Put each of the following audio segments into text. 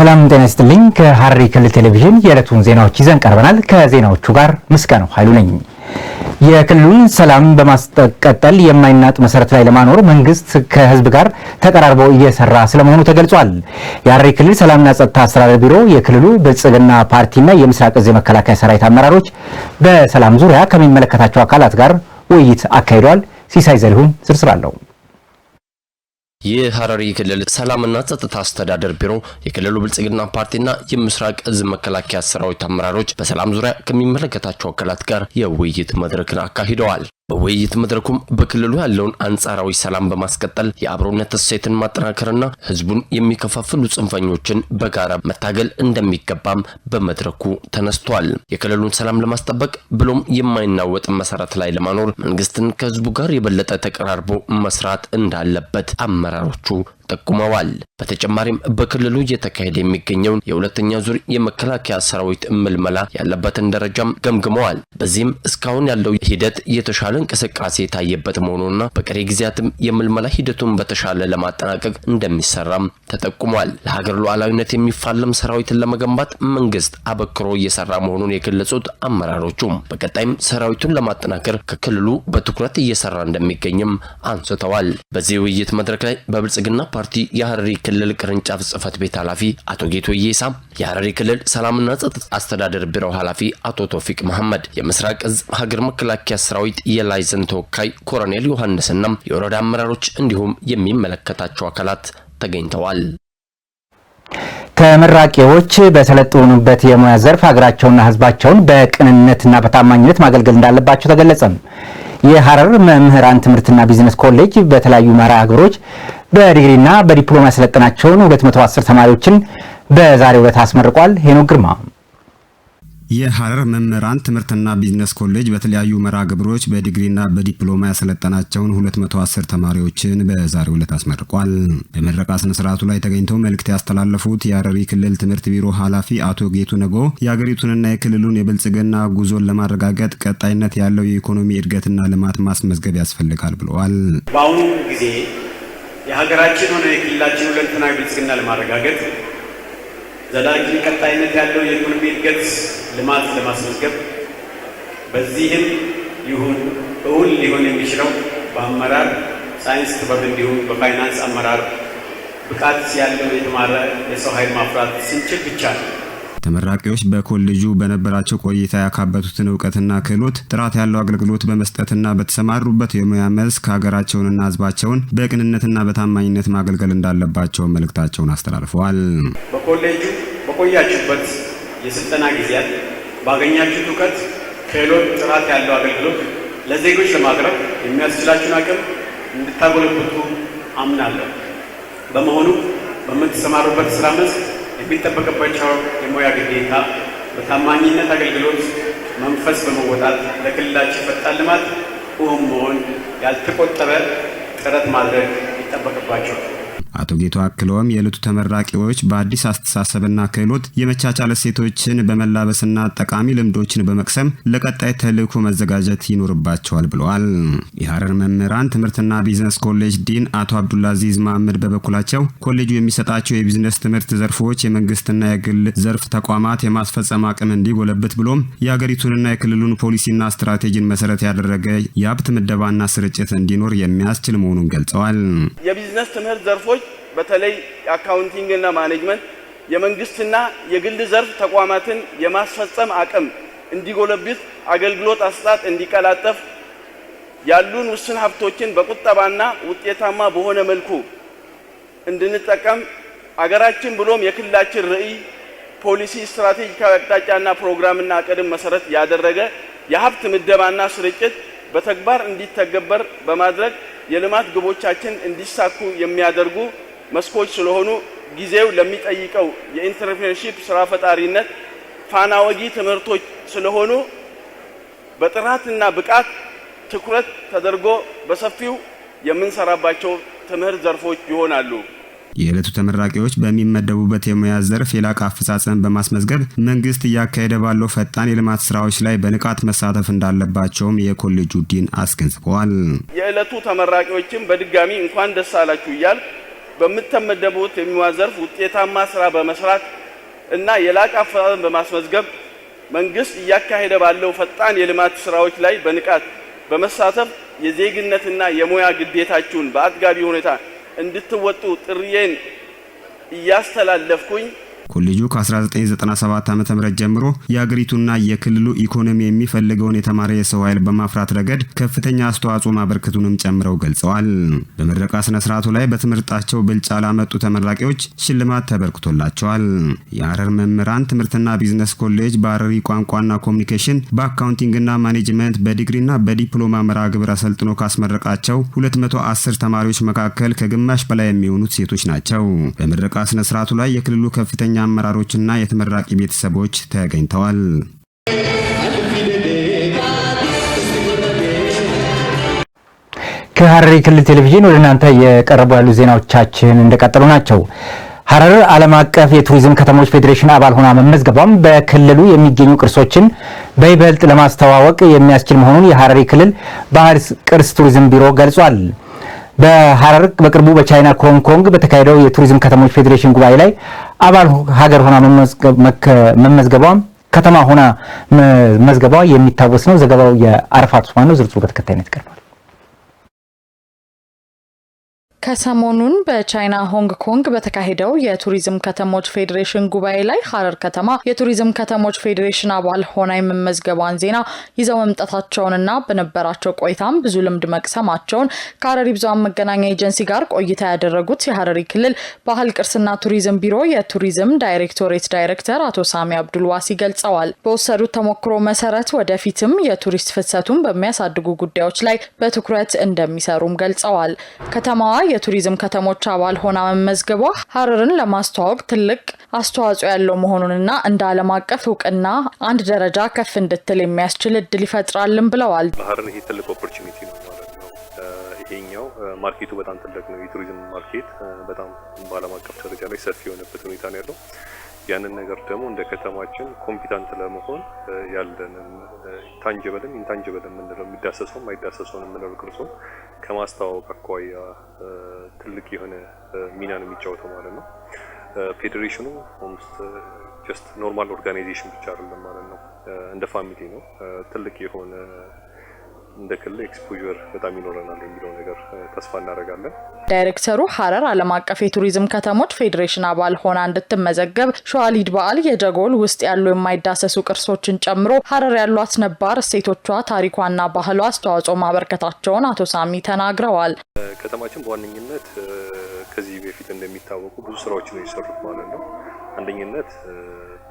ሰላም ጤና ይስጥልኝ። ከሐረሪ ክልል ቴሌቪዥን የዕለቱን ዜናዎች ይዘን ቀርበናል። ከዜናዎቹ ጋር ምስጋናው ኃይሉ ነኝ። የክልሉን ሰላም በማስቀጠል የማይናጥ መሰረት ላይ ለማኖር መንግስት ከህዝብ ጋር ተቀራርቦ እየሰራ ስለመሆኑ ተገልጿል። የሐረሪ ክልል ሰላምና ጸጥታ አስተዳደር ቢሮ የክልሉ ብልጽግና ፓርቲና የምስራቅ እዝ መከላከያ ሰራዊት አመራሮች በሰላም ዙሪያ ከሚመለከታቸው አካላት ጋር ውይይት አካሂደዋል። ሲሳይ ዘሪሁን ዝርዝር አለው። የሐረሪ ክልል ሰላምና ጸጥታ አስተዳደር ቢሮ የክልሉ ብልጽግና ፓርቲና የምስራቅ እዝ መከላከያ ሰራዊት አመራሮች በሰላም ዙሪያ ከሚመለከታቸው አካላት ጋር የውይይት መድረክን አካሂደዋል። በውይይት መድረኩም በክልሉ ያለውን አንጻራዊ ሰላም በማስቀጠል የአብሮነት እሴትን ማጠናከርና ህዝቡን የሚከፋፍሉ ጽንፈኞችን በጋራ መታገል እንደሚገባም በመድረኩ ተነስቷል። የክልሉን ሰላም ለማስጠበቅ ብሎም የማይናወጥ መሰረት ላይ ለማኖር መንግስትን ከህዝቡ ጋር የበለጠ ተቀራርቦ መስራት እንዳለበት አመራሮቹ ጠቁመዋል። በተጨማሪም በክልሉ እየተካሄደ የሚገኘውን የሁለተኛ ዙር የመከላከያ ሰራዊት ምልመላ ያለበትን ደረጃም ገምግመዋል። በዚህም እስካሁን ያለው ሂደት የተሻለ እንቅስቃሴ የታየበት መሆኑና በቀሪ ጊዜያትም የምልመላ ሂደቱን በተሻለ ለማጠናቀቅ እንደሚሰራም ተጠቁሟል። ለሀገር ሉዓላዊነት የሚፋለም ሰራዊትን ለመገንባት መንግስት አበክሮ እየሰራ መሆኑን የገለጹት አመራሮቹም በቀጣይም ሰራዊቱን ለማጠናከር ከክልሉ በትኩረት እየሰራ እንደሚገኝም አንስተዋል። በዚህ ውይይት መድረክ ላይ በብልጽግና ፓርቲ የሐረሪ ክልል ቅርንጫፍ ጽህፈት ቤት ኃላፊ አቶ ጌቶ ይሳ፣ የሐረሪ ክልል ሰላምና ጸጥታ አስተዳደር ቢሮ ኃላፊ አቶ ቶፊቅ መሐመድ፣ የምስራቅ እዝ ሀገር መከላከያ ሰራዊት የላይዘን ተወካይ ኮሎኔል ዮሐንስና የወረዳ አመራሮች እንዲሁም የሚመለከታቸው አካላት ተገኝተዋል። ተመራቂዎች በሰለጠኑበት የሙያ ዘርፍ ሀገራቸውና ህዝባቸውን በቅንነትና በታማኝነት ማገልገል እንዳለባቸው ተገለጸም። የሐረር መምህራን ትምህርትና ቢዝነስ ኮሌጅ በተለያዩ መርሃ ግብሮች በዲግሪና በዲፕሎማ ያሰለጠናቸውን 210 ተማሪዎችን በዛሬው ዕለት አስመርቋል። ሄኖክ ግርማ የሐረር መምህራን ትምህርትና ቢዝነስ ኮሌጅ በተለያዩ መርሃ ግብሮች በዲግሪና በዲፕሎማ ያሰለጠናቸውን 210 ተማሪዎችን በዛሬው ዕለት አስመርቋል። በምረቃ ስነ ስርዓቱ ላይ ተገኝተው መልእክት ያስተላለፉት የሐረሪ ክልል ትምህርት ቢሮ ኃላፊ አቶ ጌቱ ነጎ የአገሪቱንና የክልሉን የብልጽግና ጉዞን ለማረጋገጥ ቀጣይነት ያለው የኢኮኖሚ እድገትና ልማት ማስመዝገብ ያስፈልጋል ብለዋል። በአሁኑ ጊዜ የሀገራችን ሆነ የክልላችን ሁለንተናዊ ብልጽግና ለማረጋገጥ ዘላቂ ቀጣይነት ያለው የኢኮኖሚ እድገት ልማት ለማስመዝገብ በዚህም ይሁን እውን ሊሆን የሚችለው በአመራር ሳይንስ ጥበብ፣ እንዲሁም በፋይናንስ አመራር ብቃት ያለው የተማረ የሰው ኃይል ማፍራት ስንችል ብቻ ነው። ተመራቂዎች በኮሌጁ በነበራቸው ቆይታ ያካበቱትን እውቀትና ክህሎት ጥራት ያለው አገልግሎት በመስጠትና በተሰማሩበት የሙያ መስክ ሀገራቸውንና ህዝባቸውን በቅንነትና በታማኝነት ማገልገል እንዳለባቸው መልእክታቸውን አስተላልፈዋል። በኮሌጁ በቆያችሁበት የስልጠና ጊዜያት ባገኛችሁት እውቀት፣ ክህሎት ጥራት ያለው አገልግሎት ለዜጎች ለማቅረብ የሚያስችላችሁን አቅም እንድታጎለብቱ አምናለሁ። በመሆኑ በምትሰማሩበት ስራ መስክ የሚጠበቅባቸው የሙያ ግዴታ በታማኝነት አገልግሎት መንፈስ በመወጣት ለክልላችን ፈጣን ልማት እውን መሆን ያልተቆጠበ ጥረት ማድረግ ይጠበቅባቸዋል። አቶ ጌቶ አክለውም የዕለቱ ተመራቂዎች በአዲስ አስተሳሰብና ክህሎት የመቻቻል እሴቶችን በመላበስና ጠቃሚ ልምዶችን በመቅሰም ለቀጣይ ተልዕኮ መዘጋጀት ይኖርባቸዋል ብለዋል። የሐረር መምህራን ትምህርትና ቢዝነስ ኮሌጅ ዲን አቶ አብዱላዚዝ መሐመድ በበኩላቸው ኮሌጁ የሚሰጣቸው የቢዝነስ ትምህርት ዘርፎች የመንግስትና የግል ዘርፍ ተቋማት የማስፈጸም አቅም እንዲጎለብት ብሎም የአገሪቱንና የክልሉን ፖሊሲና ስትራቴጂን መሰረት ያደረገ የሀብት ምደባና ስርጭት እንዲኖር የሚያስችል መሆኑን ገልጸዋል። የቢዝነስ ትምህርት ዘርፎች ግለሰብ በተለይ እና ማኔጅመንት የመንግስትና የግል ዘርፍ ተቋማትን የማስፈጸም አቅም እንዲጎለብት፣ አገልግሎት አሰጣጥ እንዲቀላጠፍ፣ ያሉን ውስን ሀብቶችን በቁጠባና ውጤታማ በሆነ መልኩ እንድንጠቀም አገራችን ብሎም የክልላችን ርዕይ ፖሊሲ፣ ስትራቴጂካዊ አቅጣጫና ፕሮግራምና እቅድም መሰረት ያደረገ የሀብት ምደባና ስርጭት በተግባር እንዲተገበር በማድረግ የልማት ግቦቻችን እንዲሳኩ የሚያደርጉ መስኮች ስለሆኑ ጊዜው ለሚጠይቀው የኢንተርፕሬነርሺፕ ስራ ፈጣሪነት ፋና ወጊ ትምህርቶች ስለሆኑ በጥራትና ብቃት ትኩረት ተደርጎ በሰፊው የምንሰራባቸው ትምህርት ዘርፎች ይሆናሉ። የዕለቱ ተመራቂዎች በሚመደቡበት የሙያ ዘርፍ የላቀ አፈጻጸም በማስመዝገብ መንግስት እያካሄደ ባለው ፈጣን የልማት ስራዎች ላይ በንቃት መሳተፍ እንዳለባቸውም የኮሌጁ ዲን አስገንዝበዋል። የዕለቱ ተመራቂዎችም በድጋሚ እንኳን ደስ አላችሁ እያል በምትመደቡት የሙያ ዘርፍ ውጤታማ ስራ በመስራት እና የላቀ አፈጻጸም በማስመዝገብ መንግስት እያካሄደ ባለው ፈጣን የልማት ስራዎች ላይ በንቃት በመሳተፍ የዜግነትና የሙያ ግዴታችሁን በአጥጋቢ ሁኔታ እንድትወጡ ጥሪዬን እያስተላለፍኩኝ ኮሌጁ ከ1997 ዓ ም ጀምሮ የአገሪቱና የክልሉ ኢኮኖሚ የሚፈልገውን የተማረ የሰው ኃይል በማፍራት ረገድ ከፍተኛ አስተዋጽኦ ማበርከቱንም ጨምረው ገልጸዋል። በምረቃ ስነ ስርዓቱ ላይ በትምህርታቸው ብልጫ ላመጡ ተመራቂዎች ሽልማት ተበርክቶላቸዋል። የአረር መምህራን ትምህርትና ቢዝነስ ኮሌጅ በአረሪ ቋንቋና ኮሚኒኬሽን በአካውንቲንግና ማኔጅመንት በዲግሪና በዲፕሎማ መርሃ ግብር አሰልጥኖ ካስመረቃቸው 210 ተማሪዎች መካከል ከግማሽ በላይ የሚሆኑት ሴቶች ናቸው። በምረቃ ስነ ስርዓቱ ላይ የክልሉ ከፍተኛ አመራሮችና የተመራቂ ቤተሰቦች ተገኝተዋል። ከሐረሪ ክልል ቴሌቪዥን ወደ እናንተ የቀረቡ ያሉ ዜናዎቻችን እንደቀጠሉ ናቸው። ሐረር ዓለም አቀፍ የቱሪዝም ከተሞች ፌዴሬሽን አባል ሆና መመዝገቧም በክልሉ የሚገኙ ቅርሶችን በይበልጥ ለማስተዋወቅ የሚያስችል መሆኑን የሐረሪ ክልል ባህል ቅርስ ቱሪዝም ቢሮ ገልጿል። በሀረር በቅርቡ በቻይና ኮንግ ኮንግ በተካሄደው የቱሪዝም ከተሞች ፌዴሬሽን ጉባኤ ላይ አባል ሀገር ሆና መመዝገቧ ከተማ ሆና መዝገቧ የሚታወስ ነው። ዘገባው የአረፋት ዑስማን ነው። ዝርዝሩ በተከታይነት ይቀርባል። ከሰሞኑን በቻይና ሆንግ ኮንግ በተካሄደው የቱሪዝም ከተሞች ፌዴሬሽን ጉባኤ ላይ ሀረር ከተማ የቱሪዝም ከተሞች ፌዴሬሽን አባል ሆና የመመዝገቧን ዜና ይዘው መምጣታቸውንና በነበራቸው ቆይታም ብዙ ልምድ መቅሰማቸውን ከሀረሪ ብዙሃን መገናኛ ኤጀንሲ ጋር ቆይታ ያደረጉት የሀረሪ ክልል ባህል ቅርስና ቱሪዝም ቢሮ የቱሪዝም ዳይሬክቶሬት ዳይሬክተር አቶ ሳሚ አብዱልዋሲ ገልጸዋል። በወሰዱት ተሞክሮ መሰረት ወደፊትም የቱሪስት ፍሰቱን በሚያሳድጉ ጉዳዮች ላይ በትኩረት እንደሚሰሩም ገልጸዋል። ከተማዋ የቱሪዝም ከተሞች አባል ሆና መመዝገቧ ሀረርን ለማስተዋወቅ ትልቅ አስተዋጽኦ ያለው መሆኑንና እንደ ዓለም አቀፍ እውቅና አንድ ደረጃ ከፍ እንድትል የሚያስችል እድል ይፈጥራልን ብለዋል። ሀረር ይሄ ትልቅ ኦፖርቹኒቲ ነው ማለት ነው። ይሄኛው ማርኬቱ በጣም ትልቅ ነው። የቱሪዝም ማርኬት በጣም በዓለም አቀፍ ደረጃ ላይ ሰፊ የሆነበት ሁኔታ ነው ያለው ያንን ነገር ደግሞ እንደ ከተማችን ኮምፒታንት ለመሆን ያለንን ታንጀበልም ኢንታንጅበል የምንለው የሚዳሰሰውም አይዳሰሰውን የምንለው ቅርሶን ከማስተዋወቅ አኳያ ትልቅ የሆነ ሚና ነው የሚጫወተው ማለት ነው። ፌዴሬሽኑ ስ ጀስት ኖርማል ኦርጋናይዜሽን ብቻ አይደለም ማለት ነው። እንደ ፋሚሊ ነው። ትልቅ የሆነ እንደ ክልል ኤክስፖዥር በጣም ይኖረናል የሚለው ነገር ተስፋ እናደርጋለን። ዳይሬክተሩ ሀረር ዓለም አቀፍ የቱሪዝም ከተሞች ፌዴሬሽን አባል ሆና እንድትመዘገብ ሸዋሊድ በዓል የጀጎል ውስጥ ያሉ የማይዳሰሱ ቅርሶችን ጨምሮ ሀረር ያሏት ነባር እሴቶቿ፣ ታሪኳና ባህሏ አስተዋጽኦ ማበርከታቸውን አቶ ሳሚ ተናግረዋል። ከተማችን በዋነኝነት ከዚህ በፊት እንደሚታወቁ ብዙ ስራዎች ነው የሰሩት ማለት ነው። አንደኝነት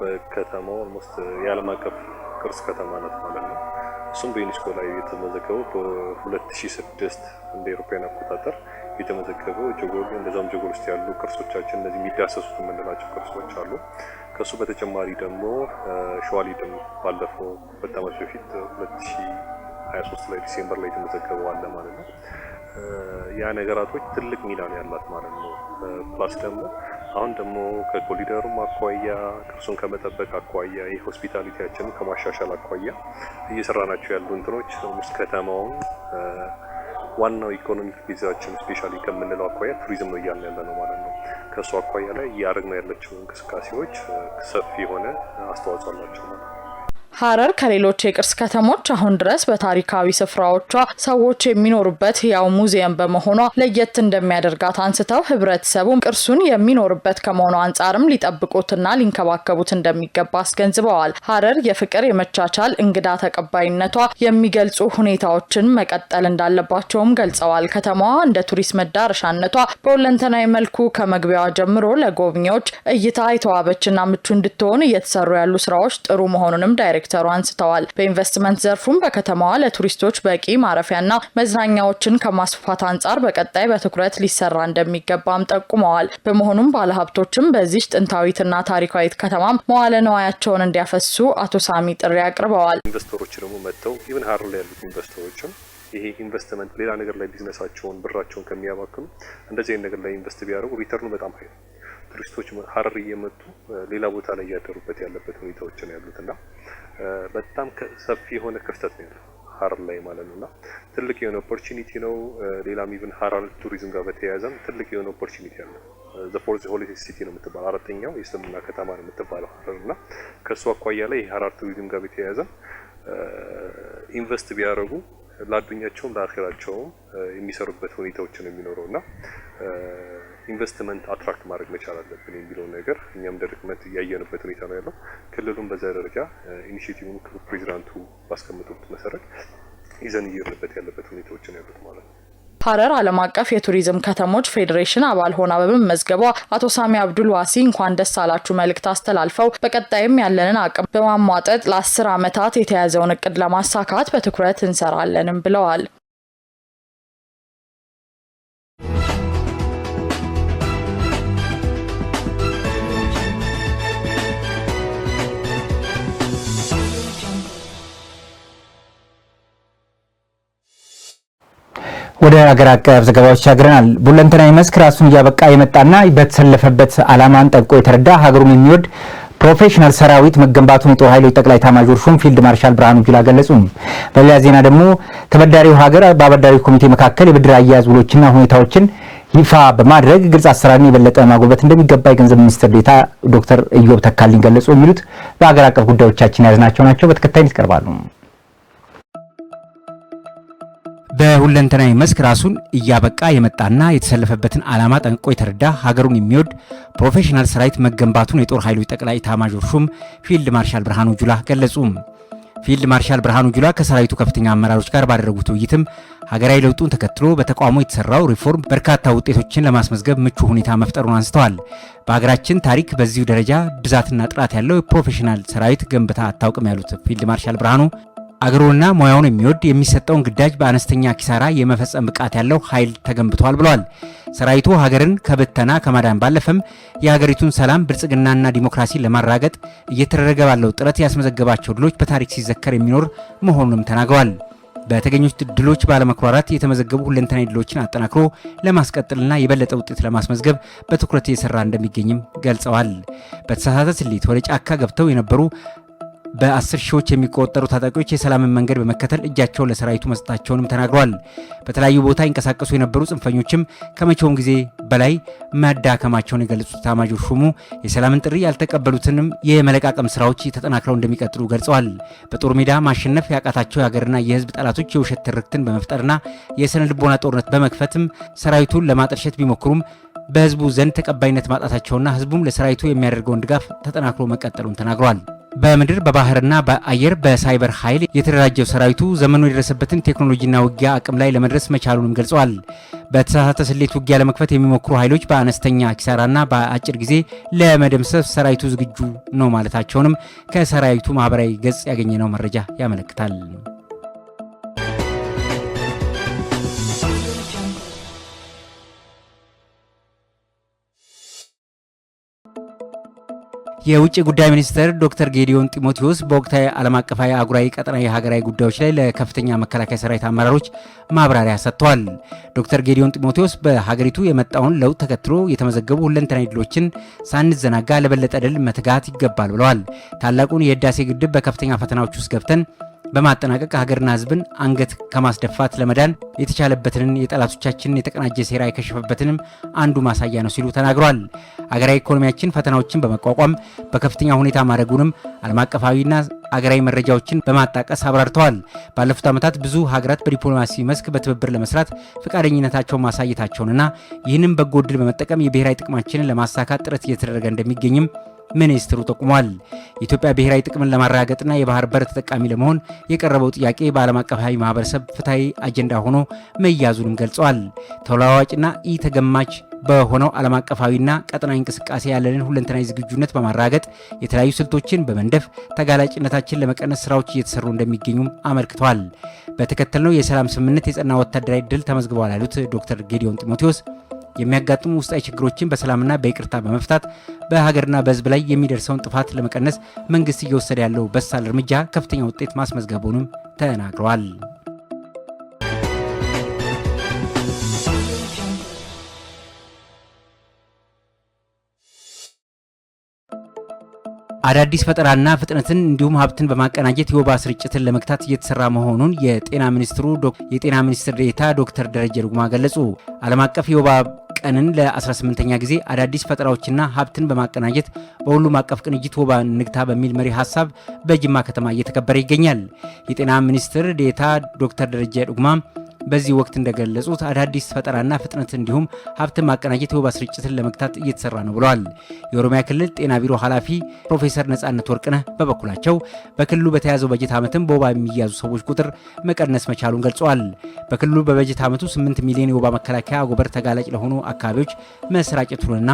በከተማው ኦልሞስት የዓለም አቀፍ ቅርስ ከተማ ናት ማለት ነው። እሱም በዩኒስኮ ላይ የተመዘገበው በ2006 እንደ ኤሮፓያን አቆጣጠር የተመዘገበው ጀጎል እንደዛም ጀጎል ውስጥ ያሉ ቅርሶቻችን እነዚህ የሚዳሰሱት የምንላቸው ቅርሶች አሉ። ከእሱ በተጨማሪ ደግሞ ሸዋሊድም ባለፈው ሁለት ዓመት በፊት 2023 ላይ ዲሴምበር ላይ የተመዘገበው አለ ማለት ነው። ያ ነገራቶች ትልቅ ሚና ነው ያላት ማለት ነው። ፕላስ ደግሞ አሁን ደግሞ ከኮሊደሩም አኳያ ቅርሱን ከመጠበቅ አኳያ የሆስፒታሊቲያችንን ከማሻሻል አኳያ እየሰራ ናቸው ያሉ እንትኖች ውስጥ ከተማውን ዋናው ኢኮኖሚክ ቤዛችን ስፔሻሊ ከምንለው አኳያ ቱሪዝም ነው እያልን ያለ ነው ማለት ነው። ከእሱ አኳያ ላይ እያደረግነው ያለችው እንቅስቃሴዎች ሰፊ የሆነ አስተዋጽኦ አላቸው ማለት ነው። ሀረር ከሌሎች የቅርስ ከተሞች አሁን ድረስ በታሪካዊ ስፍራዎቿ ሰዎች የሚኖሩበት ያው ሙዚየም በመሆኗ ለየት እንደሚያደርጋት አንስተው ህብረተሰቡም ቅርሱን የሚኖርበት ከመሆኑ አንጻርም ሊጠብቁትና ሊንከባከቡት እንደሚገባ አስገንዝበዋል። ሀረር የፍቅር፣ የመቻቻል፣ እንግዳ ተቀባይነቷ የሚገልጹ ሁኔታዎችን መቀጠል እንዳለባቸውም ገልጸዋል። ከተማዋ እንደ ቱሪስት መዳረሻነቷ በሁለንተናዊ መልኩ ከመግቢያዋ ጀምሮ ለጎብኚዎች እይታ የተዋበችና ምቹ እንድትሆን እየተሰሩ ያሉ ስራዎች ጥሩ መሆኑንም ዳይሬክተር ዳይሬክተሩ አንስተዋል። በኢንቨስትመንት ዘርፉም በከተማዋ ለቱሪስቶች በቂ ማረፊያና መዝናኛዎችን ከማስፋት አንጻር በቀጣይ በትኩረት ሊሰራ እንደሚገባም ጠቁመዋል። በመሆኑም ባለሀብቶችም በዚህ ጥንታዊትና ታሪካዊት ከተማም መዋለ ነዋያቸውን እንዲያፈሱ አቶ ሳሚ ጥሪ አቅርበዋል። ኢንቨስተሮች ደግሞ መጥተው ኢቨን ሀረር ላይ ያሉት ኢንቨስተሮችም ይሄ ኢንቨስትመንት ሌላ ነገር ላይ ቢዝነሳቸውን ብራቸውን ከሚያባክኑ እንደዚህ አይነት ነገር ላይ ኢንቨስት ቢያደርጉ ሪተርኑ በጣም ሀይ ነው። ቱሪስቶች ሀረር እየመጡ ሌላ ቦታ ላይ እያደሩበት ያለበት ሁኔታዎች ነው ያሉት እና በጣም ሰፊ የሆነ ክፍተት ነው ያለው ሀረር ላይ ማለት ነው እና ትልቅ የሆነ ኦፖርቹኒቲ ነው። ሌላም ኢቭን ሀረር ቱሪዝም ጋር በተያያዘም ትልቅ የሆነ ኦፖርቹኒቲ አለ። ዘ ፎርዝ ሆሊዴይ ሲቲ ነው የምትባለ አራተኛው የእስልምና ከተማ ነው የምትባለው ሀረር እና ከእሱ አኳያ ላይ የሀረር ቱሪዝም ጋር በተያያዘ ኢንቨስት ቢያደርጉ ለአዱኛቸውም ለአኼራቸውም የሚሰሩበት ሁኔታዎች ነው የሚኖረው እና ኢንቨስትመንት አትራክት ማድረግ መቻል አለብን የሚለውን ነገር እኛም ደርቅመት እያየንበት ሁኔታ ነው ያለው። ክልሉም በዛ ደረጃ ኢኒሽቲቭን ፕሬዚዳንቱ ባስቀምጡት መሰረት ይዘን እየሄድንበት ያለበት ሁኔታዎች ነው ያሉት ማለት ነው። ሀረር ዓለም አቀፍ የቱሪዝም ከተሞች ፌዴሬሽን አባል ሆና በመመዝገቧ አቶ ሳሚ አብዱል ዋሲ እንኳን ደስ አላችሁ መልእክት አስተላልፈው በቀጣይም ያለንን አቅም በማሟጠጥ ለአስር ዓመታት የተያዘውን እቅድ ለማሳካት በትኩረት እንሰራለንም ብለዋል። ወደ አገር አቀፍ ዘገባዎች ያግረናል። በሁለንተናዊ መስክ ራሱን እያበቃ የመጣና በተሰለፈበት ዓላማን ጠብቆ የተረዳ ሀገሩን የሚወድ ፕሮፌሽናል ሰራዊት መገንባቱን የጦር ኃይሎች ጠቅላይ ኤታማዦር ሹም ፊልድ ማርሻል ብርሃኑ ጁላ ገለጹ። በሌላ ዜና ደግሞ ተበዳሪው ሀገር በአበዳሪው ኮሚቴ መካከል የብድር አያያዝ ውሎችና ሁኔታዎችን ይፋ በማድረግ ግልጽ አሰራርን የበለጠ ማጎልበት እንደሚገባ የገንዘብ ሚኒስትር ዴኤታ ዶክተር ኢዮብ ተካልኝ ገለጹ። የሚሉት በአገር አቀፍ ጉዳዮቻችን የያዝናቸው ናቸው። በተከታይነት ይቀርባሉ። በሁለንተናዊ መስክ ራሱን እያበቃ የመጣና የተሰለፈበትን ዓላማ ጠንቅቆ የተረዳ ሀገሩን የሚወድ ፕሮፌሽናል ሰራዊት መገንባቱን የጦር ኃይሎች ጠቅላይ ኤታማዦር ሹም ፊልድ ማርሻል ብርሃኑ ጁላ ገለጹ። ፊልድ ማርሻል ብርሃኑ ጁላ ከሰራዊቱ ከፍተኛ አመራሮች ጋር ባደረጉት ውይይትም ሀገራዊ ለውጡን ተከትሎ በተቋሙ የተሰራው ሪፎርም በርካታ ውጤቶችን ለማስመዝገብ ምቹ ሁኔታ መፍጠሩን አንስተዋል። በሀገራችን ታሪክ በዚሁ ደረጃ ብዛትና ጥራት ያለው የፕሮፌሽናል ሰራዊት ገንብታ አታውቅም ያሉት ፊልድ ማርሻል ብርሃኑ አገሩንና ሙያውን የሚወድ የሚሰጠውን ግዳጅ በአነስተኛ ኪሳራ የመፈጸም ብቃት ያለው ኃይል ተገንብቷል ብለዋል። ሰራዊቱ ሀገርን ከብተና ከማዳን ባለፈም የሀገሪቱን ሰላም ብልጽግናና ዲሞክራሲ ለማራገጥ እየተደረገ ባለው ጥረት ያስመዘገባቸው ድሎች በታሪክ ሲዘከር የሚኖር መሆኑንም ተናግረዋል። በተገኙት ድሎች ባለመኩራራት የተመዘገቡ ሁለንተናዊ ድሎችን አጠናክሮ ለማስቀጠልና የበለጠ ውጤት ለማስመዝገብ በትኩረት እየሰራ እንደሚገኝም ገልጸዋል። በተሳሳተ ስሌት ወደ ጫካ ገብተው የነበሩ በአስር ሺዎች የሚቆጠሩ ታጣቂዎች የሰላምን መንገድ በመከተል እጃቸውን ለሰራዊቱ መስጠታቸውንም ተናግረዋል። በተለያዩ ቦታ ይንቀሳቀሱ የነበሩ ጽንፈኞችም ከመቼውም ጊዜ በላይ መዳከማቸውን የገለጹት ታማጆች ሹሙ የሰላምን ጥሪ ያልተቀበሉትንም የመለቃቀም ስራዎች ተጠናክረው እንደሚቀጥሉ ገልጸዋል። በጦር ሜዳ ማሸነፍ ያቃታቸው የሀገርና የህዝብ ጠላቶች የውሸት ትርክትን በመፍጠርና የስነ ልቦና ጦርነት በመክፈትም ሰራዊቱን ለማጠልሸት ቢሞክሩም በህዝቡ ዘንድ ተቀባይነት ማጣታቸውና ህዝቡም ለሰራዊቱ የሚያደርገውን ድጋፍ ተጠናክሮ መቀጠሉን ተናግሯል። በምድር በባህርና በአየር በሳይበር ኃይል የተደራጀው ሰራዊቱ ዘመኑ የደረሰበትን ቴክኖሎጂና ውጊያ አቅም ላይ ለመድረስ መቻሉንም ገልጸዋል። በተሳሳተ ስሌት ውጊያ ለመክፈት የሚሞክሩ ኃይሎች በአነስተኛ ኪሳራና በአጭር ጊዜ ለመደምሰስ ሰራዊቱ ዝግጁ ነው ማለታቸውንም ከሰራዊቱ ማህበራዊ ገጽ ያገኘነው መረጃ ያመለክታል። የውጭ ጉዳይ ሚኒስትር ዶክተር ጌዲዮን ጢሞቴዎስ በወቅታዊ ዓለም አቀፋዊ፣ አጉራዊ ቀጠናዊ፣ ሀገራዊ ጉዳዮች ላይ ለከፍተኛ መከላከያ ሰራዊት አመራሮች ማብራሪያ ሰጥተዋል። ዶክተር ጌዲዮን ጢሞቴዎስ በሀገሪቱ የመጣውን ለውጥ ተከትሎ የተመዘገቡ ሁለንተናዊ ድሎችን ሳንዘናጋ ለበለጠ ድል መትጋት ይገባል ብለዋል። ታላቁን የህዳሴ ግድብ በከፍተኛ ፈተናዎች ውስጥ ገብተን በማጠናቀቅ ሀገርና ህዝብን አንገት ከማስደፋት ለመዳን የተቻለበትንን የጠላቶቻችንን የተቀናጀ ሴራ የከሸፈበትንም አንዱ ማሳያ ነው ሲሉ ተናግሯል። አገራዊ ኢኮኖሚያችን ፈተናዎችን በመቋቋም በከፍተኛ ሁኔታ ማድረጉንም ዓለም አቀፋዊና አገራዊ መረጃዎችን በማጣቀስ አብራርተዋል። ባለፉት ዓመታት ብዙ ሀገራት በዲፕሎማሲ መስክ በትብብር ለመስራት ፈቃደኝነታቸውን ማሳየታቸውንና ይህንም በጎ በመጠቀም የብሔራዊ ጥቅማችንን ለማሳካት ጥረት እየተደረገ እንደሚገኝም ሚኒስትሩ ጠቁሟል። የኢትዮጵያ ብሔራዊ ጥቅምን ለማረጋገጥና የባህር በር ተጠቃሚ ለመሆን የቀረበው ጥያቄ በዓለም አቀፋዊ ማህበረሰብ ፍትሐዊ አጀንዳ ሆኖ መያዙንም ገልጸዋል። ተለዋዋጭና ኢ ተገማች በሆነው ዓለም አቀፋዊና ቀጠናዊ እንቅስቃሴ ያለንን ሁለንተናዊ ዝግጁነት በማራገጥ የተለያዩ ስልቶችን በመንደፍ ተጋላጭነታችን ለመቀነስ ስራዎች እየተሰሩ እንደሚገኙም አመልክተዋል። በተከተልነው የሰላም ስምምነት የጸና ወታደራዊ ድል ተመዝግበዋል ያሉት ዶክተር ጌዲዮን ጢሞቴዎስ የሚያጋጥሙ ውስጣዊ ችግሮችን በሰላምና በይቅርታ በመፍታት በሀገርና በሕዝብ ላይ የሚደርሰውን ጥፋት ለመቀነስ መንግስት እየወሰደ ያለው በሳል እርምጃ ከፍተኛ ውጤት ማስመዝገቡንም ተናግረዋል። አዳዲስ ፈጠራና ፍጥነትን እንዲሁም ሀብትን በማቀናጀት የወባ ስርጭትን ለመግታት እየተሰራ መሆኑን የጤና ሚኒስትሩ የጤና ሚኒስትር ዴታ ዶክተር ደረጀ ድጉማ ገለጹ። ዓለም አቀፍ የወባ ቀንን ለ18ኛ ጊዜ አዳዲስ ፈጠራዎችና ሀብትን በማቀናጀት በሁሉም አቀፍ ቅንጅት ወባ ንግታ በሚል መሪ ሀሳብ በጅማ ከተማ እየተከበረ ይገኛል። የጤና ሚኒስትር ዴታ ዶክተር ደረጀ ዱጉማ በዚህ ወቅት እንደገለጹት አዳዲስ ፈጠራና ፍጥነት እንዲሁም ሀብትን ማቀናጀት የወባ ስርጭትን ለመግታት እየተሰራ ነው ብለዋል። የኦሮሚያ ክልል ጤና ቢሮ ኃላፊ ፕሮፌሰር ነጻነት ወርቅነህ በበኩላቸው በክልሉ በተያዘው በጀት ዓመትም በወባ የሚያዙ ሰዎች ቁጥር መቀነስ መቻሉን ገልጸዋል። በክልሉ በበጀት ዓመቱ 8 ሚሊዮን የወባ መከላከያ አጎበር ተጋላጭ ለሆኑ አካባቢዎች መሰራጨቱንና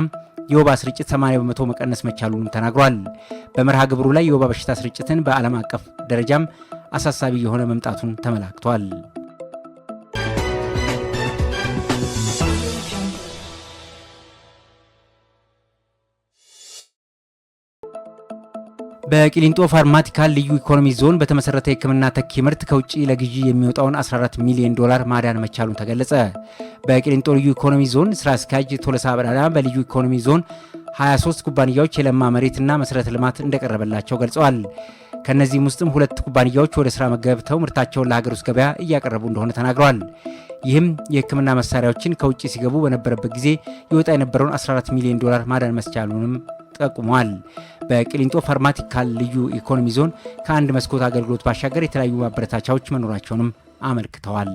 የወባ ስርጭት 80 በመቶ መቀነስ መቻሉንም ተናግሯል። በመርሃ ግብሩ ላይ የወባ በሽታ ስርጭትን በዓለም አቀፍ ደረጃም አሳሳቢ የሆነ መምጣቱን ተመላክቷል። በቂሊንጦ ፋርማቲካል ልዩ ኢኮኖሚ ዞን በተመሰረተ የሕክምና ተኪ ምርት ከውጭ ለግዢ የሚወጣውን 14 ሚሊዮን ዶላር ማዳን መቻሉን ተገለጸ። በቂሊንጦ ልዩ ኢኮኖሚ ዞን ስራ አስኪያጅ ቶለሳ አበዳዳ በልዩ ኢኮኖሚ ዞን 23 ኩባንያዎች የለማ መሬትና መሰረተ ልማት እንደቀረበላቸው ገልጸዋል። ከእነዚህም ውስጥም ሁለት ኩባንያዎች ወደ ስራ መገብተው ምርታቸውን ለሀገር ውስጥ ገበያ እያቀረቡ እንደሆነ ተናግረዋል። ይህም የሕክምና መሳሪያዎችን ከውጭ ሲገቡ በነበረበት ጊዜ ይወጣ የነበረውን 14 ሚሊዮን ዶላር ማዳን መስቻሉንም ጠቁሟል። በቅሊንጦ ፋርማቲካል ልዩ ኢኮኖሚ ዞን ከአንድ መስኮት አገልግሎት ባሻገር የተለያዩ ማበረታቻዎች መኖራቸውንም አመልክተዋል።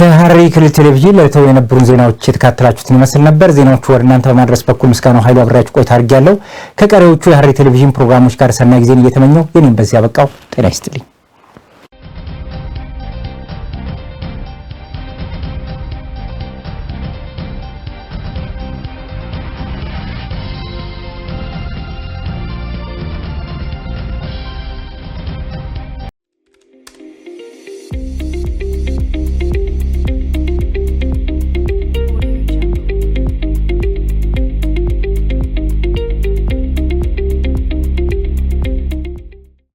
ከሀሪ ክልል ቴሌቪዥን ለተው የነበሩን ዜናዎች የተካተላችሁትን ይመስል ነበር። ዜናዎቹ ወደ እናንተ በማድረስ በኩል ምስጋናው ኃይሉ አብሬያችሁ ቆይታ አድርጌያለሁ። ከቀሪዎቹ የሀረሪ ቴሌቪዥን ፕሮግራሞች ጋር ሰናይ ጊዜን እየተመኘው የኔም በዚህ ያበቃው። ጤና ይስጥልኝ።